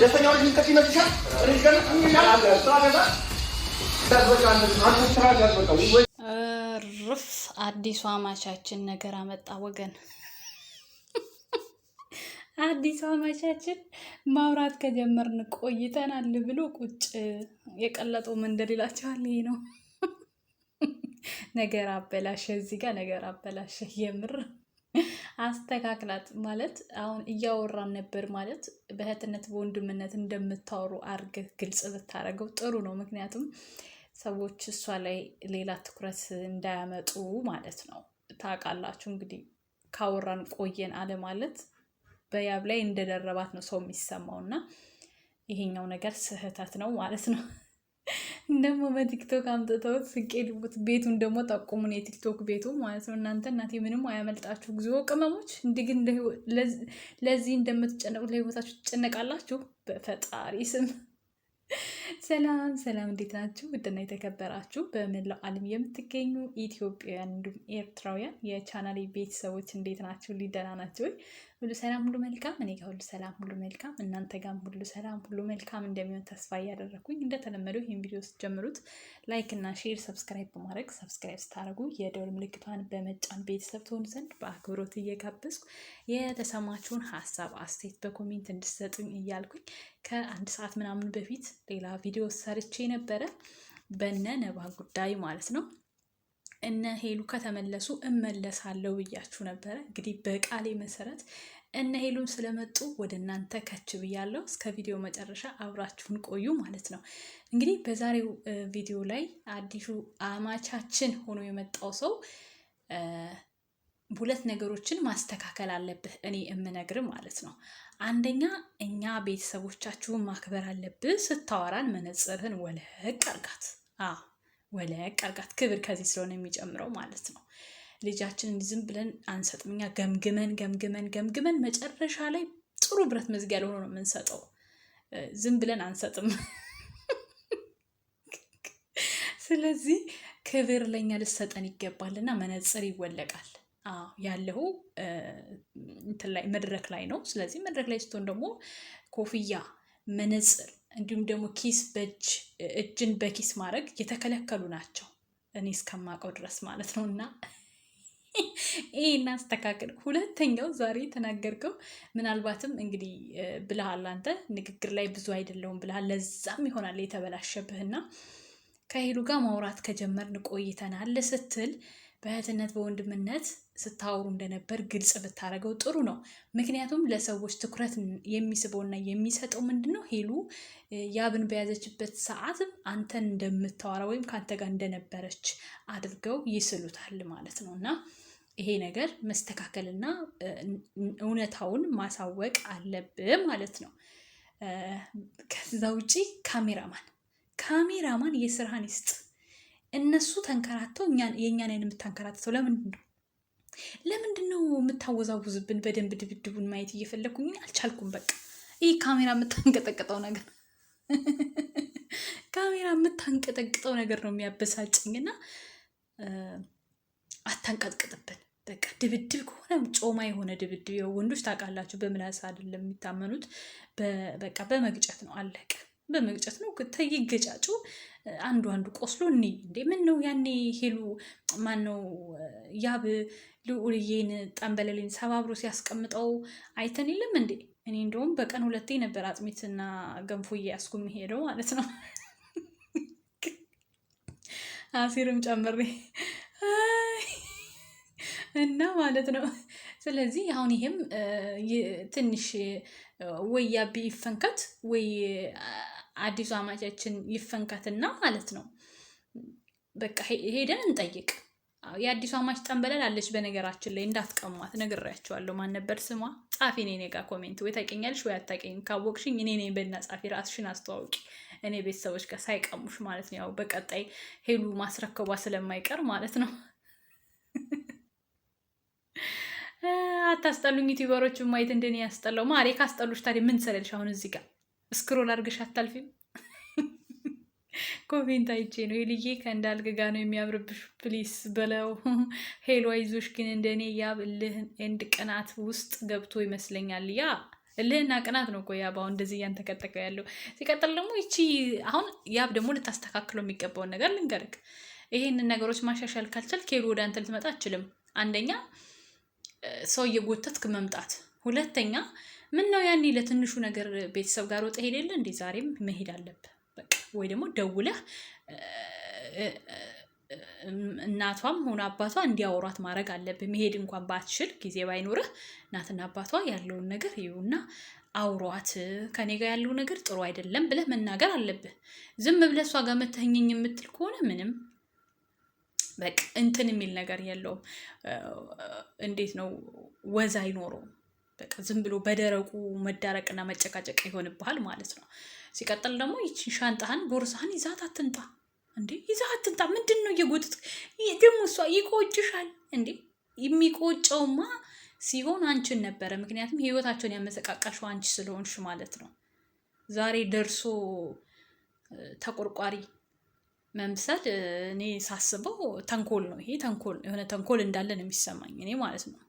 ደስተኛው ልጅ የሚከፍ ይመስልሻል? ርፍ አዲሱ አማቻችን ነገር አመጣ ወገን። አዲሱ አማቻችን ማውራት ከጀመርን ቆይተናል ብሎ ቁጭ የቀለጠው መንደር ይላቸዋል። ይሄ ነው ነገር አበላሸ፣ እዚህ ጋር ነገር አበላሸ የምር አስተካክላት ማለት አሁን እያወራን ነበር ማለት በእህትነት በወንድምነት እንደምታወሩ አርገህ ግልጽ ብታደርገው ጥሩ ነው። ምክንያቱም ሰዎች እሷ ላይ ሌላ ትኩረት እንዳያመጡ ማለት ነው። ታውቃላችሁ እንግዲህ ካወራን ቆየን አለ ማለት በያብ ላይ እንደደረባት ነው ሰው የሚሰማው እና ይሄኛው ነገር ስህተት ነው ማለት ነው። ደግሞ በቲክቶክ አምጥተውት ስቄድቡት ቤቱን ደግሞ ጠቁሙን፣ የቲክቶክ ቤቱ ማለት ነው። እናንተ እናቴ ምንም አያመልጣችሁ። ጊዜ ቅመሞች እንዲግ ለዚህ እንደምትጨነቁ ለህይወታችሁ ትጨነቃላችሁ። በፈጣሪ ስም ሰላም ሰላም፣ እንዴት ናችሁ? ውድና የተከበራችሁ በመላው ዓለም የምትገኙ ኢትዮጵያውያን እንዲሁም ኤርትራውያን የቻናሌ ቤተሰቦች እንዴት ናችሁ? ሊደና ናቸው ሁሉ ሰላም ሁሉ መልካም፣ እኔ ጋር ሁሉ ሰላም ሁሉ መልካም፣ እናንተ ጋም ሁሉ ሰላም ሁሉ መልካም እንደሚሆን ተስፋ እያደረግኩኝ እንደተለመደው ይህን ቪዲዮ ስትጀምሩት ላይክ እና ሼር፣ ሰብስክራይብ በማድረግ ሰብስክራይብ ስታደርጉ የደወል ምልክቷን በመጫን ቤተሰብ ትሆኑ ዘንድ በአክብሮት እየጋበዝኩ የተሰማችሁን ሀሳብ አስተያየት በኮሜንት እንድትሰጡኝ እያልኩኝ ከአንድ ሰዓት ምናምን በፊት ሌላ ቪዲዮ ሰርቼ ነበረ በነ ነባ ጉዳይ ማለት ነው። እነ ሄሉ ከተመለሱ እመለሳለሁ ብያችሁ ነበረ። እንግዲህ በቃሌ መሰረት እነ ሄሉም ስለመጡ ወደ እናንተ ከች ብያለሁ። እስከ ቪዲዮ መጨረሻ አብራችሁን ቆዩ ማለት ነው። እንግዲህ በዛሬው ቪዲዮ ላይ አዲሱ አማቻችን ሆኖ የመጣው ሰው ሁለት ነገሮችን ማስተካከል አለብህ፣ እኔ የምነግር ማለት ነው። አንደኛ እኛ ቤተሰቦቻችሁን ማክበር አለብህ። ስታወራን መነጽርህን ወለቅ አርጋት ወለቅ አርጋት ክብር ከዚህ ስለሆነ የሚጨምረው ማለት ነው። ልጃችን ዝም ብለን አንሰጥም። እኛ ገምግመን ገምግመን ገምግመን መጨረሻ ላይ ጥሩ ብረት መዝጊያ ለሆነ ነው የምንሰጠው። ዝም ብለን አንሰጥም። ስለዚህ ክብር ለእኛ ልሰጠን እና መነጽር ይወለቃል። ያለው መድረክ ላይ ነው። ስለዚህ መድረክ ላይ ስትሆን ደግሞ ኮፍያ፣ መነጽር እንዲሁም ደግሞ ኪስ በእጅ እጅን በኪስ ማድረግ የተከለከሉ ናቸው፣ እኔ እስከማውቀው ድረስ ማለት ነው። እና ይህ እናስተካክል። ሁለተኛው ዛሬ ተናገርከው ምናልባትም እንግዲህ ብልሃል፣ አንተ ንግግር ላይ ብዙ አይደለውም ብልሃል። ለዛም ይሆናል የተበላሸብህና ከሄሉ ጋር ማውራት ከጀመርን ቆይተናል ስትል በእህትነት በወንድምነት ስታወሩ እንደነበር ግልጽ ብታደርገው ጥሩ ነው። ምክንያቱም ለሰዎች ትኩረት የሚስበውና የሚሰጠው ምንድን ነው? ሄሉ ያብን በያዘችበት ሰዓት አንተን እንደምታወራ ወይም ከአንተ ጋር እንደነበረች አድርገው ይስሉታል ማለት ነው እና ይሄ ነገር መስተካከልና እውነታውን ማሳወቅ አለብህ ማለት ነው። ከዛ ውጪ ካሜራማን ካሜራማን የስራህን ይስጥ። እነሱ ተንከራተው የእኛን የምታንከራተተው ለምንድን ነው? ለምንድን ነው የምታወዛውዝብን? በደንብ ድብድቡን ማየት እየፈለግኩኝ አልቻልኩም። በቃ ይህ ካሜራ የምታንቀጠቅጠው ነገር ካሜራ የምታንቀጠቅጠው ነገር ነው የሚያበሳጭኝና አታንቀጥቅጥብን። በቃ ድብድብ ከሆነ ጮማ የሆነ ድብድብ። ወንዶች ታውቃላችሁ፣ በምላስ አይደለም የሚታመኑት፣ በቃ በመግጨት ነው አለቀ። በመግጨት ነው ተይገጫጩ አንዱ አንዱ ቆስሎ እኔ እንዴ ምን ነው ያኔ ሄሉ ማን ነው ያብ ልዑልዬን ጠንበለሌን ሰባብሮ ሲያስቀምጠው አይተን የለም እንዴ? እኔ እንደውም በቀን ሁለቴ ነበር አጥሚትና ገንፎ እየያዝኩ የሚሄደው ማለት ነው። አሲርም ጨምሬ እና ማለት ነው። ስለዚህ አሁን ይሄም ትንሽ ወይ ያቢ ይፈንከት ወይ አዲሱ አማቻችን ይፈንከትና ማለት ነው። በቃ ሄደን እንጠይቅ። የአዲሱ አማች ጠንበላል አለች። በነገራችን ላይ እንዳትቀሟት ነግሬያቸዋለሁ። ማን ነበር ስሟ? ጻፊ እኔ ኔጋ ኮሜንት ወይ ታውቂኛለሽ ወይ አታቀኝም ካወቅሽኝ እኔ ነኝ በይና ጻፊ፣ ራስሽን አስተዋውቂ። እኔ ቤተሰቦች ጋር ሳይቀሙሽ ማለት ነው። ያው በቀጣይ ሄሉ ማስረከቧ ስለማይቀር ማለት ነው። አታስጠሉኝ ዩቲዩበሮች፣ ማየት እንደኔ ያስጠላው። ማሬ ካስጠሉሽ ታዲያ ምን ሰለልሽ አሁን እዚህ ጋር እስክሮል አድርገሽ አታልፊም። ኮሜንት አይቼ ነው የልዬ ከእንዳልክ ጋ ነው የሚያምርብሽ። ፕሊስ በለው ሄሎ፣ አይዞሽ። ግን እንደኔ ያብ እልህን ኤንድ ቅናት ውስጥ ገብቶ ይመስለኛል። ያ እልህና ቅናት ነው እኮ ያብ አሁን እንደዚህ እያንተከተከው ያለው። ሲቀጥል ደግሞ ይቺ አሁን ያብ ደግሞ ልታስተካክለው የሚገባውን ነገር ልንገርክ። ይሄንን ነገሮች ማሻሻል ካልቻል ኬሉ ወደ አንተ ልትመጣ አችልም። አንደኛ ሰው እየጎተትክ መምጣት፣ ሁለተኛ ምን ነው ያኔ ለትንሹ ነገር ቤተሰብ ጋር ወጣ ሄደለ እንዴ? ዛሬም መሄድ አለብህ ወይ ደግሞ ደውለህ እናቷም ሆነ አባቷ እንዲያወሯት ማድረግ አለብህ። መሄድ እንኳን ባትችል ጊዜ ባይኖርህ እናትና አባቷ ያለውን ነገር ይሁና አውሯት ከኔ ጋር ያለው ነገር ጥሩ አይደለም ብለህ መናገር አለብህ። ዝም ብለህ እሷ ጋር መተኝኝ የምትል ከሆነ ምንም በቃ እንትን የሚል ነገር የለውም። እንዴት ነው ወዝ አይኖረውም። በቃ ዝም ብሎ በደረቁ መዳረቅና መጨቃጨቅ ይሆንብሃል ማለት ነው። ሲቀጥል ደግሞ ይችን ሻንጣህን ቦርሳህን ይዛት አትንጣ እንዴ! ይዛት አትንጣ። ምንድን ነው እየጎትት ደግሞ እሷ ይቆጭሻል እንዴ? የሚቆጨውማ ሲሆን አንቺን ነበረ። ምክንያቱም ህይወታቸውን ያመሰቃቀልሽው አንቺ ስለሆንሽ ማለት ነው። ዛሬ ደርሶ ተቆርቋሪ መምሰል እኔ ሳስበው ተንኮል ነው። ይሄ ተንኮል የሆነ ተንኮል እንዳለን የሚሰማኝ እኔ ማለት ነው።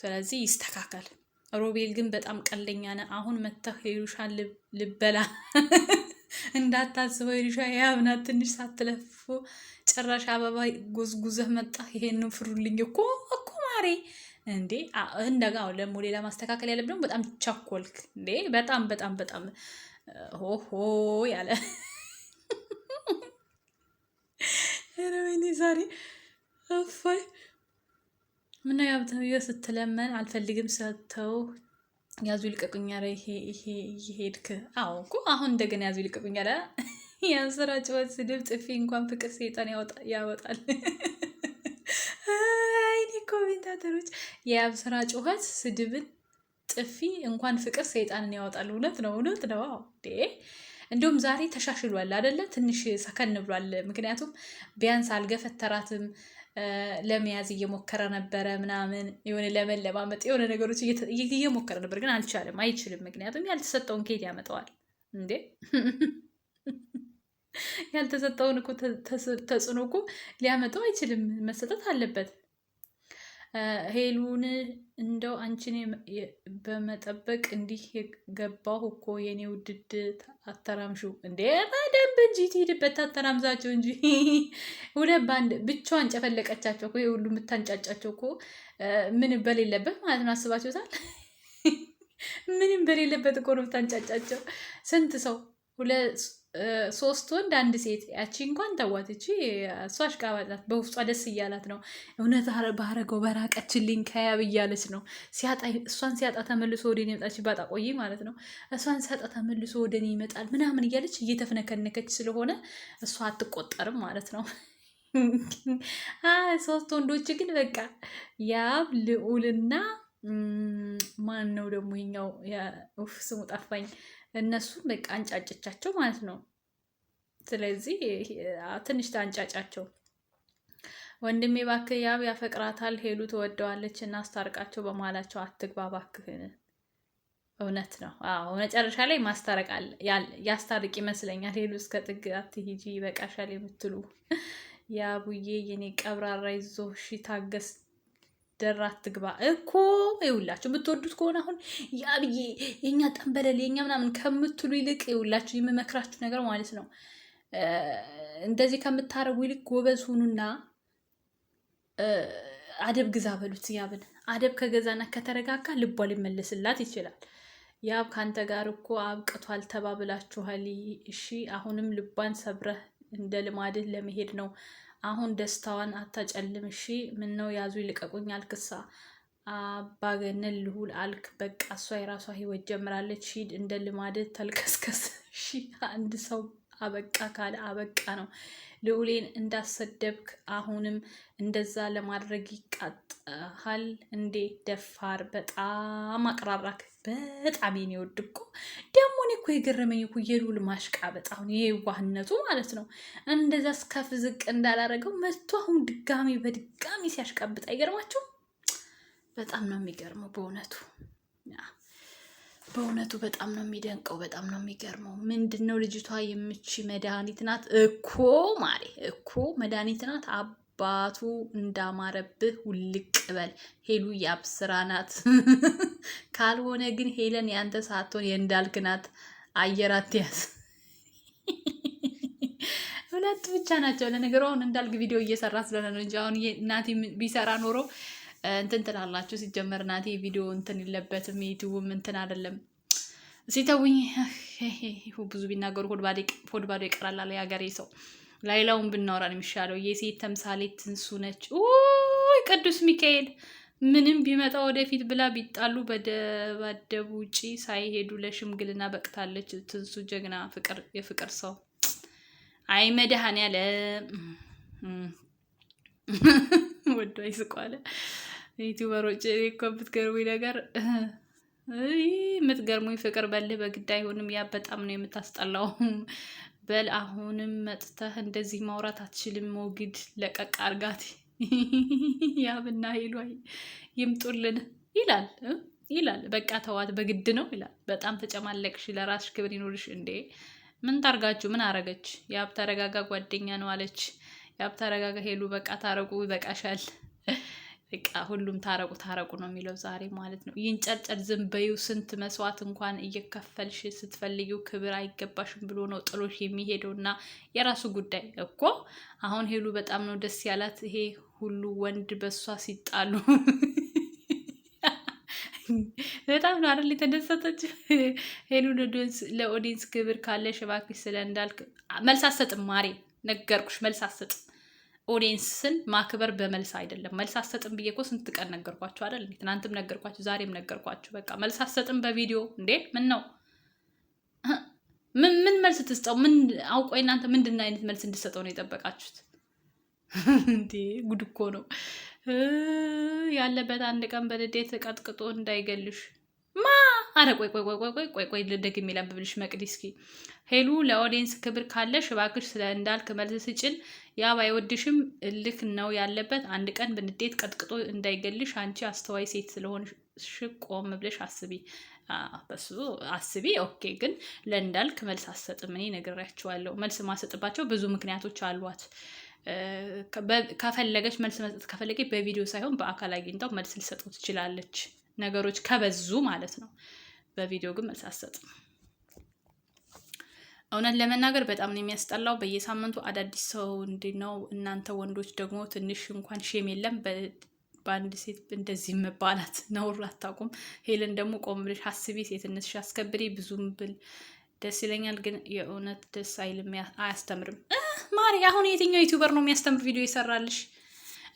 ስለዚህ ይስተካከል። ሮቤል ግን በጣም ቀልደኛ ነህ። አሁን መተህ የሉሻን ልበላ እንዳታስበው የሉሻ የአብናት ትንሽ ሳትለፉ ጭራሽ አበባ ጎዝጉዘህ መጣህ። ይሄንን ፍሩልኝ እኮ እኮ ማሬ እንዴ እንደጋ ደግሞ ሌላ ማስተካከል ደግሞ በጣም ቸኮልክ እንዴ በጣም በጣም በጣም ሆሆ ያለ ወይኔ ዛሬ እፎይ ምነው የሀብትዮ ስትለመን አልፈልግም ሰጥተው ያዙ ይልቀቁኝ ኧረ ይሄድክ አዎ እኮ አሁን እንደገና ያዙ ይልቀቁኛ ኧረ የአንስራ ጭወት ስድብ ጥፊ እንኳን ፍቅር ሰይጣን ያወጣል አይኔ ኮሜንታተሮች የአብስራ ጩኸት ስድብን ጥፊ እንኳን ፍቅር ሰይጣንን ያወጣል እውነት ነው እውነት ነው አዎ እንዲሁም ዛሬ ተሻሽሏል አደለ? ትንሽ ሰከን ብሏል። ምክንያቱም ቢያንስ አልገፈተራትም ለመያዝ እየሞከረ ነበረ ምናምን የሆነ ለመለማመጥ የሆነ ነገሮች እየሞከረ ነበር፣ ግን አልቻለም። አይችልም። ምክንያቱም ያልተሰጠውን ኬት ያመጣዋል እንዴ? ያልተሰጠውን እኮ ተጽዕኖ እኮ ሊያመጣው አይችልም። መሰጠት አለበት። ሄሉን እንደው አንቺን በመጠበቅ እንዲህ የገባሁ እኮ የኔ ውድድ አተራምሹ እንዴ በደንብ እንጂ ትሄድበት ታተራምዛቸው እንጂ ሁለት በአንድ ብቻዋን ጨፈለቀቻቸው እኮ ሁሉ የምታንጫጫቸው እኮ ምን በሌለበት ማለት ነው። አስባችሁታል? ምንም በሌለበት እኮ ነው የምታንጫጫቸው ስንት ሰው ሶስት ወንድ አንድ ሴት። ያቺ እንኳን ተዋት። እቺ እሷ በውስጧ ደስ እያላት ነው። እውነት ባረገው በራቀችልኝ ከያብ እያለች ነው። እሷን ሲያጣ ተመልሶ ወደ እኔ ይመጣች፣ ባጣ ቆይ ማለት ነው። እሷን ሲያጣ ተመልሶ ወደ እኔ ይመጣል ምናምን እያለች እየተፍነከነከች ስለሆነ እሷ አትቆጠርም ማለት ነው። ሶስት ወንዶች ግን በቃ ያብ ልዑልና ማን ነው ደግሞ ይኛው ስሙ ጠፋኝ። እነሱን በቃ አንጫጭቻቸው ማለት ነው። ስለዚህ ትንሽ ታንጫጫቸው። ወንድሜ ባክህ ያብ ያፈቅራታል፣ ሄሉ ትወደዋለች እና አስታርቃቸው፣ በመሀላቸው አትግባ ባክህ። እውነት ነው። አዎ መጨረሻ ላይ ማስታረቃል ያስታርቅ ይመስለኛል። ሄሉ እስከ ጥግ አትሂጂ፣ ይበቃሻል የምትሉ ያቡዬ የኔ ቀብራራ ይዞ ሺ ታገስ ደራ ትግባ እኮ ይውላችሁ። የምትወዱት ከሆነ አሁን የአብዬ የእኛ ጠንበለል የእኛ ምናምን ከምትሉ ይልቅ ይውላችሁ፣ የምመክራችሁ ነገር ማለት ነው እንደዚህ ከምታረጉ ይልቅ ጎበዝ ሁኑና አደብ ግዛ በሉት። ያብን አደብ ከገዛና ከተረጋጋ ልቧ ሊመለስላት ይችላል። ያብ ከአንተ ጋር እኮ አብቅቷል ተባብላችኋል። እሺ አሁንም ልቧን ሰብረህ እንደ ልማድህ ለመሄድ ነው አሁን ደስታዋን አታጨልም። እሺ ነው ያዙ ይልቀቁኝ አልክሳ አባገነን ልሁል አልክ። በቃ እሷ የራሷ ህይወት ጀምራለች። ሂድ እንደ ልማድህ ተልከስከስ። እሺ አንድ ሰው አበቃ ካለ አበቃ ነው። ልዑሌን እንዳሰደብክ አሁንም እንደዛ ለማድረግ ይቃጥሃል እንዴ? ደፋር! በጣም አቅራራክ። በጣም የኔ ወድ እኮ ደግሞ እኔ እኮ የገረመኝ እኮ የሉል ማሽቃበጥ አሁን የዋህነቱ ማለት ነው። እንደዛ እስከፍ ዝቅ እንዳላረገው መቶ አሁን ድጋሚ በድጋሚ ሲያሽቃብጥ አይገርማችሁም? በጣም ነው የሚገርመው በእውነቱ በእውነቱ በጣም ነው የሚደንቀው። በጣም ነው የሚገርመው። ምንድን ነው ልጅቷ የምች መድኃኒት ናት እኮ ማሬ እኮ መድኃኒት ናት። አባቱ እንዳማረብህ ውልቅ በል ሄሉ የአብስራ ናት። ካልሆነ ግን ሄለን የአንተ ሳትሆን የእንዳልክናት አየራት ያዝ። ሁለቱ ብቻ ናቸው። ለነገሩ አሁን እንዳልክ ቪዲዮ እየሰራ ስለሆነ ነው እንጂ አሁን ናቲ ቢሰራ ኖሮ እንትን ትላላችሁ። ሲጀመር ናቲ ቪዲዮ እንትን የለበትም ዩቲዩብም እንትን አይደለም። ሲተውኝ ብዙ ቢናገሩ ሆድባዶ ይቀራል አለ የሀገሬ ሰው። ላይላውን ብናወራ የሚሻለው። የሴት ተምሳሌ ትንሱ ነች። ቅዱስ ሚካኤል ምንም ቢመጣ ወደፊት ብላ ቢጣሉ በደባደቡ ውጪ ሳይሄዱ ለሽምግልና በቅታለች። ትንሱ ጀግና የፍቅር ሰው አይ መድሃን ያለ ወዶ አይስቋለ ዩቲዩበሮች እኮ የምትገርሙኝ ነገር የምትገርሙኝ ፍቅር በልህ በግድ አይሆንም። ያ በጣም ነው የምታስጠላው። በል አሁንም መጥተህ እንደዚህ ማውራት አትችልም። ሞግድ ለቀቅ አርጋት ያብና ሄሉ ይምጡልን ይላል ይላል። በቃ ተዋት በግድ ነው ይላል። በጣም ተጨማለቅሽ፣ ለራስሽ ክብር ይኖርሽ እንዴ። ምን ታርጋችሁ? ምን አረገች? የሀብታ ተረጋጋ ጓደኛ ነው አለች። የሀብታ ተረጋጋ ሄሉ፣ በቃ ታረቁ፣ ይበቃሻል። በቃ ሁሉም ታረቁ ታረቁ ነው የሚለው ዛሬ ማለት ነው። ይንጨርጨር ዝም በይው። ስንት መስዋዕት እንኳን እየከፈልሽ ስትፈልጊው ክብር አይገባሽም ብሎ ነው ጥሎሽ የሚሄደው እና የራሱ ጉዳይ እኮ አሁን ሄሉ በጣም ነው ደስ ያላት። ይሄ ሁሉ ወንድ በሷ ሲጣሉ በጣም ነው አይደል የተደሰተች ሄሉ። ለኦዲንስ ክብር ካለሽ እባክሽ ስለ እንዳልክ መልስ አትሰጥም ማሬ ነገርኩሽ፣ መልስ አትሰጥም ኦዲየንስን ማክበር በመልስ አይደለም። መልስ አሰጥም ብዬ እኮ ስንት ቀን ነገርኳችሁ አይደል? ትናንትም ነገርኳችሁ፣ ዛሬም ነገርኳችሁ። በቃ መልስ አሰጥም በቪዲዮ እንዴ! ምን ነው ምን መልስ ትስጠው? ምን አውቆ እናንተ ምንድን አይነት መልስ እንድሰጠው ነው የጠበቃችሁት? እንዴ ጉድ እኮ ነው ያለበት። አንድ ቀን በልዴት ቀጥቅጦ እንዳይገልሽ ማ አረ ቆይ ቆይ ቆይ ቆይ ቆይ ቆይ ደግሜ ላንብብልሽ። መቅዲ እስኪ ሄሉ፣ ለኦዲየንስ ክብር ካለሽ እባክሽ ስለ እንዳልክ መልስ ስጭን ያ ባይወድሽም እልክ ነው ያለበት። አንድ ቀን በንዴት ቀጥቅጦ እንዳይገልሽ አንቺ አስተዋይ ሴት ስለሆንሽ ቆም ብለሽ አስቢ በሱ አስቢ። ኦኬ። ግን ለእንዳልክ መልስ አሰጥም። እኔ ነግሬያቸዋለሁ። መልስ ማሰጥባቸው ብዙ ምክንያቶች አሏት። ከፈለገች መልስ መስጠት ከፈለገ በቪዲዮ ሳይሆን በአካል አግኝታው መልስ ልሰጡ ትችላለች። ነገሮች ከበዙ ማለት ነው። በቪዲዮ ግን መልስ አሰጥም። እውነት ለመናገር በጣም ነው የሚያስጠላው። በየሳምንቱ አዳዲስ ሰው እንዲ ነው። እናንተ ወንዶች ደግሞ ትንሽ እንኳን ሼም የለም በአንድ ሴት እንደዚህ መባላት ነውር አታቁም ሄለን ደግሞ ቆም ብለሽ አስቢ፣ ሴትነትሽ አስከብሪ። ብዙም ብል ደስ ይለኛል፣ ግን የእውነት ደስ አይልም፣ አያስተምርም። ማሪ አሁን የትኛው ዩቲዩበር ነው የሚያስተምር ቪዲዮ ይሰራልሽ?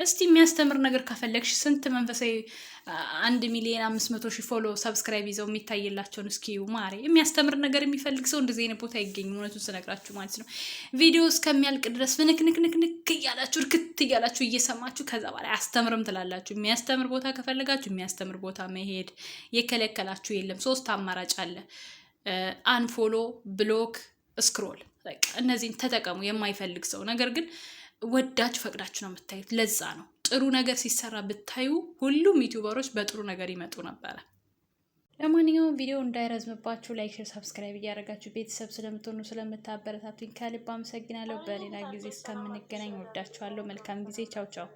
እስቲ የሚያስተምር ነገር ከፈለግሽ ስንት መንፈሳዊ አንድ ሚሊዮን አምስት መቶ ሺህ ፎሎ ሰብስክራይብ ይዘው የሚታየላቸውን እስኪዩ ማሬ። የሚያስተምር ነገር የሚፈልግ ሰው እንደዚህ አይነት ቦታ አይገኝም። እውነቱን ስነግራችሁ ማለት ነው። ቪዲዮ እስከሚያልቅ ድረስ ፍንክንክንክንክ እያላችሁ እርክት እያላችሁ እየሰማችሁ ከዛ በላይ አስተምርም ትላላችሁ። የሚያስተምር ቦታ ከፈለጋችሁ የሚያስተምር ቦታ መሄድ የከለከላችሁ የለም። ሶስት አማራጭ አለ። አንፎሎ፣ ብሎክ፣ ስክሮል እነዚህን ተጠቀሙ የማይፈልግ ሰው ነገር ግን ወዳችሁ ፈቅዳችሁ ነው የምታዩት። ለዛ ነው ጥሩ ነገር ሲሰራ ብታዩ ሁሉም ዩቱበሮች በጥሩ ነገር ይመጡ ነበረ። ለማንኛውም ቪዲዮ እንዳይረዝምባችሁ ላይክ፣ ሼር፣ ሰብስክራይብ እያደረጋችሁ ቤተሰብ ስለምትሆኑ ስለምታበረታቱኝ ከልብ አመሰግናለሁ። በሌላ ጊዜ እስከምንገናኝ ወዳችኋለሁ። መልካም ጊዜ። ቻው ቻው።